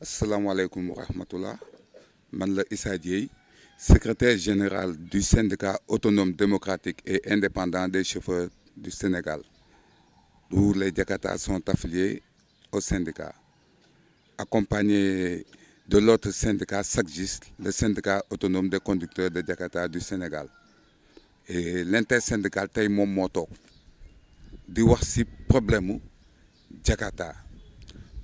asalaamaaleykum wa rahmatullah man la Issa Dieye secretaire général du syndicat autonome démocratique et indépendant des chauffeurs du Sénégal où les Jakarta sont affiliés au syndicat accompagné de l'autre syndicat SACGIS le syndicat autonome des conducteurs de Jakarta du Sénégal et l'intersyndical tey moom moo toog di wax ci problème mu Jakarta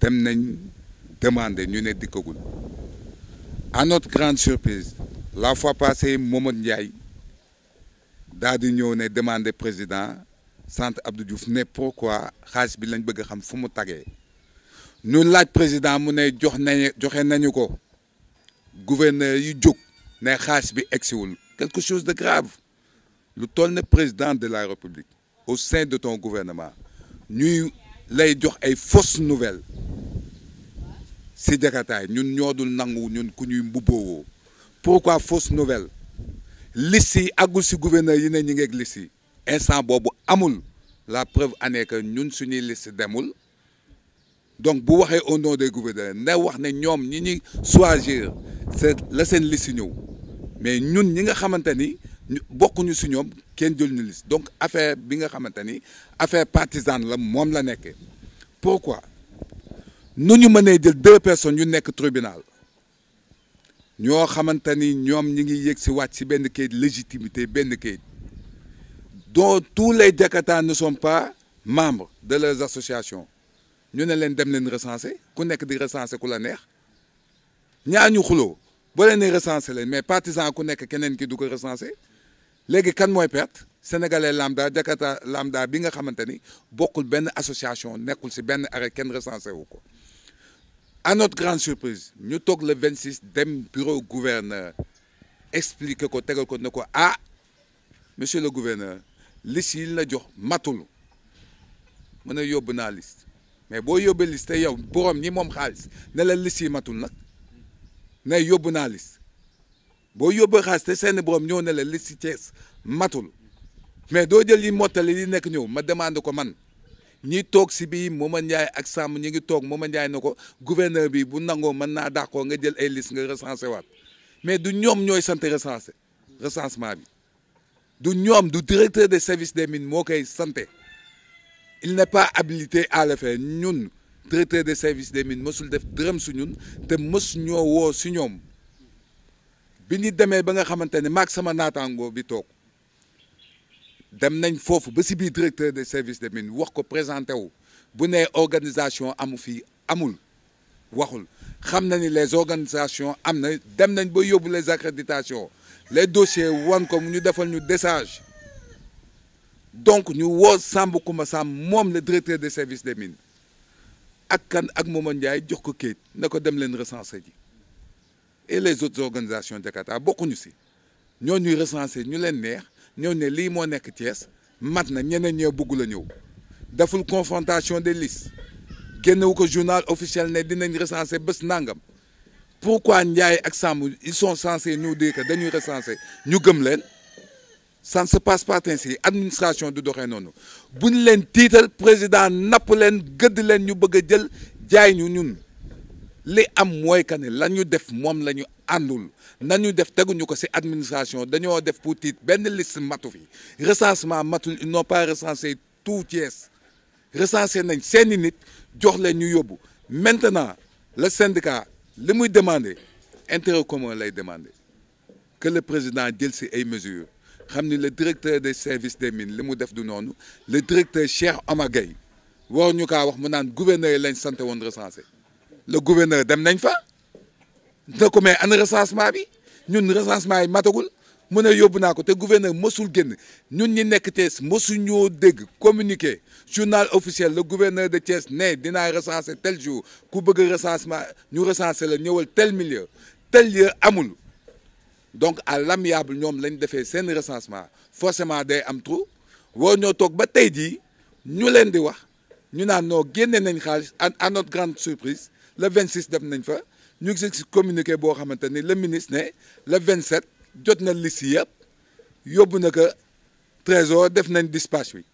dem nañ demander ñu ne dikkagul à notre grande surprise la fois passée Momad Ndiaye daal di ñëw ne demander président sant Abdou Diouf ne pourquoi xaalis bi lañ bëgg xam fu mu tagee ñu laaj président mu ne jox nañu joxe nañu ko gouverneur yu jóg ne xaalis bi egsiwul quelque chose de grave lu toll ne président de la république au sein de ton gouvernement ñuy lay jox ay fausses nouvelle si jakataay ñun ñoo dul nangu ñun ku ñuy mbubboo pourquoi fausse nouvelle liste yi àggul si gouverneur yi ne ñu ngeeg liste yi instant boobu amul la preuve année que ñun suñuy liste demul donc bu waxee au nom des gouverneurs ne wax ne ñoom ñi ñuy choisir c'est la seen liste ñëw mais ñun ñi nga xamante ni bokkuñu si ñoom kenn jël ñu liste donc affaire bi nga xamante ni affaire partisane la moom la nekkee pourquoi nu ñu mënee jël deux personnes yu nekk tribunal ñoo xamante ni ñoom ñu ngi yéeg si wàcc si benn kayit légitimité benn kayit dont tous les Jakataans ne sont pas membre de les associations ñu ne leen dem leen recenser ku nekk di recenser ku la neex ñaa ñu xuloo boo leen di recenser leen mais partisan ku nekk keneen ki du ko recenser léegi kan mooy perte sénégalais lambda Jakarta lambda bi nga xamante ni bokkul benn association nekkul si benn arrêt kenn recensé wu ko à not grande surprise ñu toog le 26 dem bureau gouverneur expliqué ko tegal ko ne ko ah monsieur le gouverneur liste yi la jox matul mën a yóbbu naa liste mais boo yóbbee liste yow borom ñi moom xaalis ne la liste yi matul nag ne yóbbu naa liste boo yóbbee xaalis te seen borom ñëw ne la liste Thiès matul mais doo jël yi mottali li nekk ñëw ma demande ko man. ñi toog si bii Momadou Ndiaye ak Samb ñi ngi toog moom Ndiaye na ko gouverneur bi bu nangoo mën naa d'accord nga jël ay liste nga recensé waat mais du ñoom ñooy sant recensé recensement bi du ñoom du directeur de service des mines moo koy santé il n'est pas habilité à le faire ñun directeur des services des mines mësul def dërëm su ñun te mës ñoo woo si ñoom bi ñu demee ba nga xamante ne maag sama naataango bi toog dem nañ foofu ba si biir directeur de service des mines wax ko présenté wu bu nee organisation amu fii amul waxul xam na ni les organisations am na dem nañ ba yóbbu les accréditations les dossiers wan ko mu ñu defal ñu décharge donc ñu woo Samba Kumba Samb moom le directeur de services des mines ak kan ak Momadou Ndiaye jox ko kayit ne ko dem leen recenser ji et les autres organisations Jakarta bokkuñu si ñoo ñuy recenser ñu leen neex. ñëw ne lii moo nekk Thiès mat na ñeneen ñoo bugg la ñëw deful confrontation des listes wu ko journal officiel ne dinañ recenser bés nangam pourquoi Ndiaye ak Samb ils son censés ñu dire que dañuy recenser ñu gëm leen ça ne se passe pas ainsi administration du doxee noonu bu ñu leen tiital président napp leen gëdd leen ñu bëgg a jël jaay ñu ñun li am mooy que ne la ñu def moom la ñu àndul nañu def teguñu ko si administration dañoo def pour titre benn liste matu fi recensement matu ils n'ont pas recensé tout Thiès recensé nañ seeni nit jox leen ñu yóbbu maintenant le syndicat li muy demander intéres commun lay demander que le président jël ci ay mesures xam ni le directeur des services des mines li mu def du noonu le directeur Cheikh Omar Gueye ñu kaa wax mu naan gouverneur yi lañ sant woon recensé le gouverneur dem nañ fa. ne ko mais ana recensement bi ñun recensement yi matagul mu a yóbbu naa ko te gouverneur mësul génn ñun ñi nekk Thiès mësuñoo dégg communiqué journal officiel la gouverneur de Thiès ne dinaa recenser tel jour ku bëgg recensement ñu recenser la ñëwal tel milieu tel lieu amul donc à l'amiable ñoom lañ defee seen recensement forcément day am trou woo ñoo toog ba tey jii ñu leen di wax ñu naan noo génne nañ xaalis à notre grande surprise le 26 dem nañ fa ñu ngi si communiqué boo xamante ni le ministre ne le 27 jot na liste yëpp yóbbu na ko trésor def nañ dispatch bi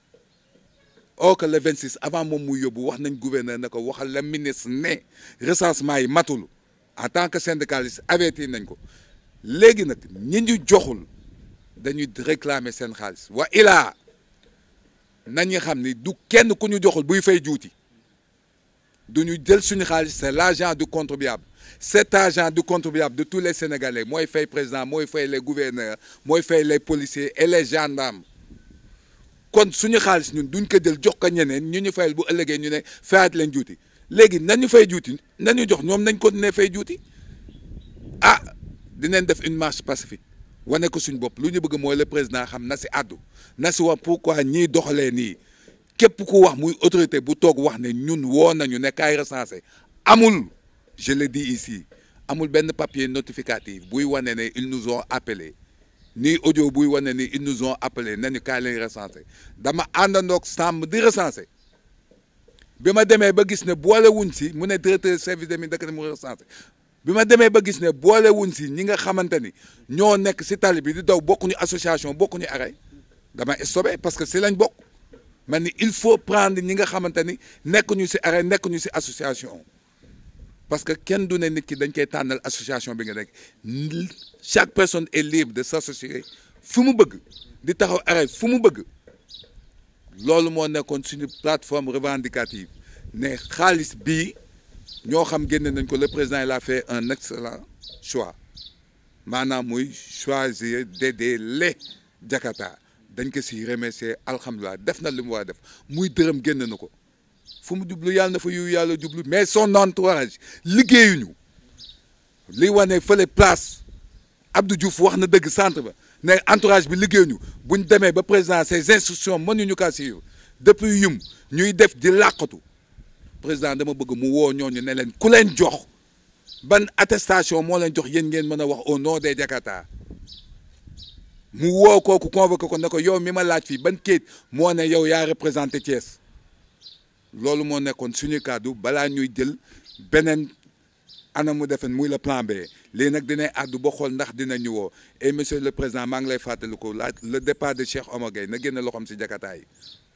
or que le 26 avant moom muy yóbbu wax nañ gouverneur ne ko waxal le ministre ne recensement yi matul en tant que syndicaliste averti nañ ko léegi nag ñi ñu joxul dañuy réclamer seen xaalis wa ilaa nañu xam ni du kenn ku ñu joxul buy fay juuti. du ñu jël suñu xaalis la l'argent du contribuable cet argent du contribuable de tous les Sénégalais mooy fay président mooy fay les gouverneurs mooy fay les policiers et les gendarmes kon suñu xaalis ñun duñ ko jël jox ko ñeneen ñu ñu fayal bu ëllëgee ñu ne fayaat leen juuti léegi ñu fay juuti nañu jox ñoom nañ continuer fay juuti ah dinañ def une marche pacifique wane ko suñu bopp lu ñu bëgg mooy le président xam na si àddu na si wax pourquoi ñiy doxalee nii képp ku wax muy autorité bu toog wax ne ñun woo nañu ne kaay recensé amul je le dis ici amul benn papier notificatif buy wane ne ils nous ont appelé ni audio buy wane ni ils nous ont appelé nañu kaay lañ recensé dama àndandoog sàmm di recensé bi ma demee ba gis ne boolewuñ si mu ne directeur service des mines dëkk ne mu recensé bi ma demee ba gis ne boolewuñ si ñi nga xamante ni ñoo nekk si tali bi di daw bokkuñu association bokkuñu arrêt dama stoppé parce que si lañ bokk man ni il faut prendre ñi nga xamante ni nekkuñu ci arrêt nekkuñu si association parce que kenn du ne nit ki dañ koy tànnal association bi nga nekk chaque personne est libre de s'associer fu mu bëgg di taxaw arrêt fu mu bëgg loolu moo nekkoon suñu plateforme revendicative ne xaalis bi ñoo xam génne nañ ko le président il a fait un excellent choix maanaam muy choisir d'aider les Jakarta dañ ko si remercier alhamdulilah def na li mu waa def muy dërëm génn na ko fu mu jublu yàlla na fa yu yàlla jublu mais son entourage liggéeyuñu li wane fële place Abdou Diouf wax na dëgg centre ba ne entourage bi liggéeyuñu buñ demee ba président ses instructions ñu kaa suivre depuis yum ñuy def di làqatu président dama bëgg mu woo ñooñu ne leen ku leen jox ban attestation moo leen jox yéen ngeen mën a wax au nom des Jakarta mu woo kooku convoqué ko ne ko yow mi ma laaj fii ban kayit moo ne yow yaa représenté Thiès loolu moo nekkoon suñu kàddu balaa ñuy jël beneen anamu defen muy le plan B léegi nag dinay addu ba xool ndax dinañu woo et monsieur le président maa ngi lay fàttaliku la le départ de Cheikh Omar Gueye na génne loxoom si jakataay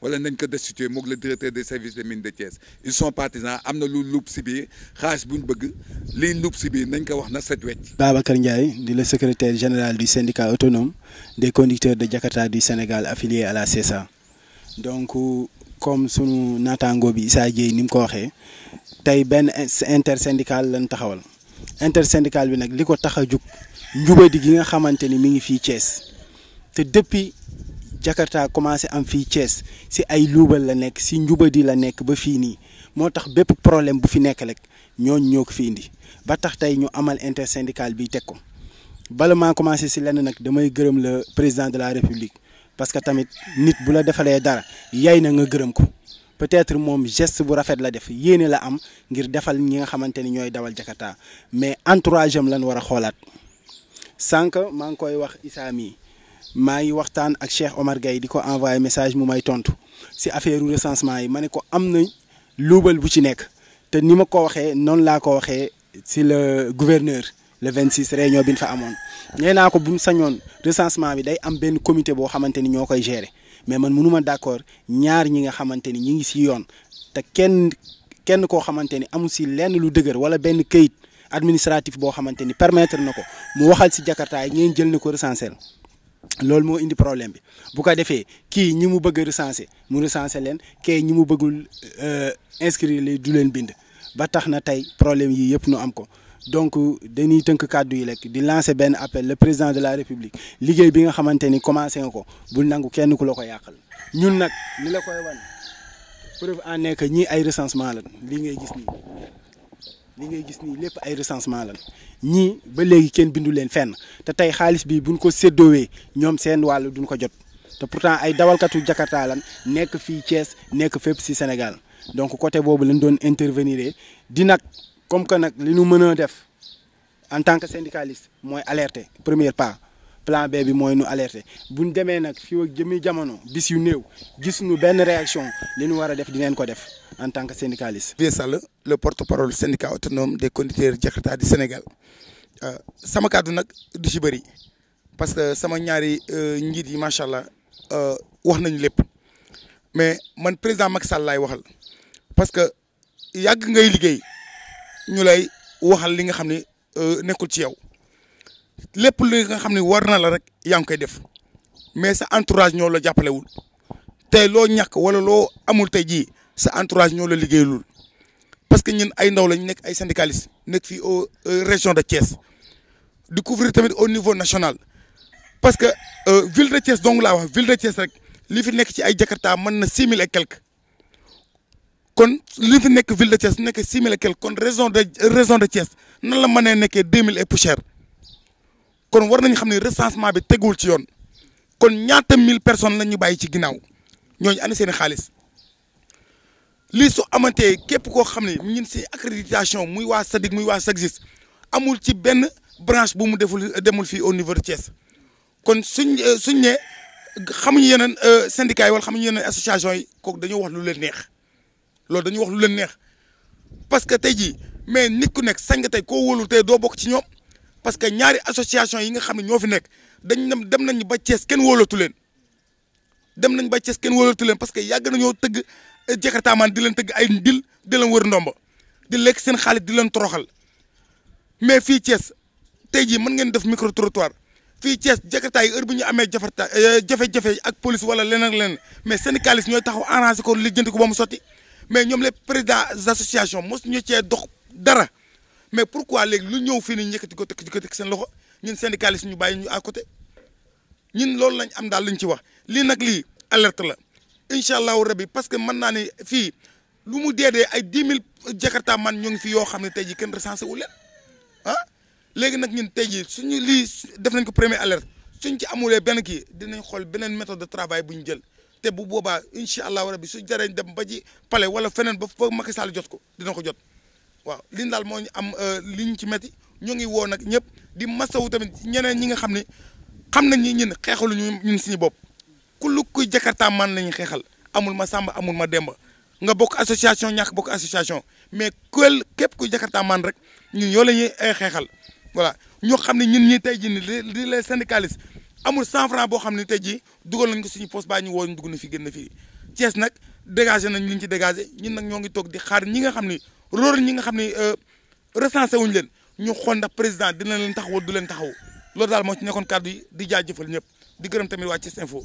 wala nañ ko destituer moog le directeur des services des mines de Thiès ils sont partisans am na lu luub si biir xaalis bu ñu bëgg liy luub si biir nañ ko wax na set wecc. Babacar Ndiaye di le secrétaire général du syndicat autonome des conducteurs de Jakarta du Sénégal affilié à la CESA donc comme sunu naataango bi Issa Dieye ni mu ko waxee tey benn intersyndical lañ taxawal intersyndical bi nag li ko tax a jug njubadi gi nga xamante ni mi ngi fii cees te depuis. Jakarta commencé am fii Thiès si ay luubal la nekk si di la nekk ba fii nii moo tax bépp problème bu fi nekk rek ñooñ ñoo ko fi indi ba tax tey ñu amal intersyndical bi teg ko bala maa commencé si lenn nag damay gërëm la président de la république parce que tamit nit bu la defalee dara yay na nga gërëm ko peut-être moom gest bu rafet la def yéene la am ngir defal ñi nga xamante ni ñooy dawal Jakarta mais entourage am lan war a xoolaat sànq maa ngi koy wax Issa mi maa ngi waxtaan ak Cheikh Omar Gueye di ko envoyé message mu may tontu si affaire recensement yi ma ne ko am na luubal bu ci nekk te ni ma ko waxee noonu laa ko waxee si le gouverneur le 26 réunion bi ñu fa amoon. nee naa ko bu mu sañoon recensement bi day am benn comité boo xamante ni ñoo koy gérer mais man mënuma d'accord ñaar ñi nga xamante ni ñi ngi si yoon te kenn kenn koo xamante ni amul si lenn lu dëgër wala benn këyit administratif boo xamante ni permettre na ko mu waxal si Jakarta yi ngeen jël na ko recenser loolu moo indi problème bi bu ko defee kii ñi mu bëgg a mu recenser leen kay ñi mu bëggul euh, inscrire li du leen bind ba tax na tey problème yii yëpp nu am ko donc danuy tënk kaddu yi rek di lancé benn appel le président de la république liggéey bi nga xamante ni commencé nga ko bu nangu kenn ku la ko yàqal ñun nag ni la koy wan preuve en est que ñii ay recensement la lii ngay gis nii li ngay gis ni lépp ay recensement lan ñii ba léegi kenn bindu leen fenn te tey xaalis bi buñ ko séddoowee ñoom seen wàll duñ ko jot te pourtant ay dawalkatu Jakarta lan nekk fii cees nekk fépp si Sénégal donc côté boobu lañ doon intervenir di nag comme que nag li ñu mën a def en tant que syndicaliste mooy alerter première pas plan B bi mooy nu alerter bu ñu demee nag fi ak jëmi jamono bis yu néew gis ñu benn réaction li ñu war a def dinañ ko def. en tant que syndicaliste. Vieux Sall le porte-parole syndicat autonome des conducteurs Jakarta du Sénégal euh, sama kàddu nag du si bëri parce que sama ñaari euh, njiit yi macha allah euh, wax nañu lépp mais man président Macky Sall laay waxal parce que yàgg ngay liggéey ñu lay waxal li nga xam ne nekkul ci yow lépp li nga xam ne war na la rek yaa ngi koy def mais sa entourage ñoo la jàppalewul tey loo ñàkk wala loo amul tey jii. sa entourage ñoo la liggéeyalul parce que ñun ay ndaw lañ nekk ay syndicalistes nekk fii au euh, région de Thiès di couvrir tamit au niveau national parce que euh, ville de Thiès dong laa wax ville de Thiès rek li fi nekk ci ay Jakarta mën na six mille et quelque kon li fi nekk ville de Thiès nekk six mille et quelque kon région de euh, région nan la mënee nekkee deux mille et poussière kon war nañu xam ne recensement bi tegul ci yoon kon ñaata mille personnes la ñu bàyyi ci ginnaaw ñooñu andi seen i xaalis. lii su amantee képp koo xam ne ñun si accréditation muy waa SADIC muy waa SACGIS amul ci benn branche bu mu deful demul fii au niveau de Thiès kon suñ euh, suñ ne xamuñu yeneen euh, syndicats yi xam xamuñu yeneen association yi kooku dañoo wax lu leen neex loolu dañu wax lu leen neex parce que tey jii mais nit nekk sañ nga tey koo wóolu tey doo bokk ci ñoom parce que ñaari association yi nga xam ne ñoo fi nekk dañ dem dem nañ ba Thiès kenn wóolatu leen dem nañ ba Thiès kenn wóolatu leen parce que yàgg nañoo tëgg. jakarta man di leen tëgg ay ndil di leen wër ndomba di lekk seen xaalis di leen toroxal mais fii cees tey jii mën ngeen def micro trottoir fii cees jakarta yi heure bu ñu amee jafarta euh, jafe-jafe ak police wala leneen leneen mais seen syndicaliste ñooy taxaw arrangé ko lijjanti ko ba mu sotti mais ñoom les présidents association mos ñu cee dox dara mais pourquoi léegi lu ñëw fii ni njëkkati ko tëkk ko tëkk seen loxo ñun syndicaliste ñu bàyyi ñu à côté ñun loolu lañ am daal luñ ci wax lii nag lii alerte la incha allahu rabi parce que mën naa ne fii lu mu dee dee ay dix mille jakarta man ñoo ngi fi yoo xam ne tey jii kenn recensé leen ah léegi nag ñun tey jii suñu lii def nañ ko premier alerte suñ ci amulee benn kii dinañ xool beneen méthode de travail bu ñu jël te bu booba incha allahu rabi su jarañ dem ba ci pale wala feneen ba fa Macky Sall jot ko dina ko jot waaw liñ daal moo ñu am euh, li ñu ci métti ñoo ngi woo nag ñëpp di masawu tamit ñeneen ñi nga xam ne xam nañ ni ñun xeexaluñu ñun suñu bopp. ku lu kuy Jakarta man nañu xeexal amul ma Samba amul ma Demba nga bokk association ñàkk bokk association mais kuel képp kuy Jakarta man rek ñun yoo la ñuy eh, xeexal voilà ñoo xam ne ñun ñi tey jii nii di les syndicalistes amul 100 francs boo xam ne tey jii dugal nañ ko suñu poste baa ñu woo ñu dugg na fi génn fii Thiès nag dégagé nañ liñ ci dégagé ñun nag ñoo ngi toog di xaar ñi nga xam ni róor ñi nga xam ni euh, recensé wuñu leen ñu xool ndax président dina leen du leen taxaw loolu daal moo ci nekkoon kàddu di jaajëfal ñëpp di gërëm tamit waa Thiès Info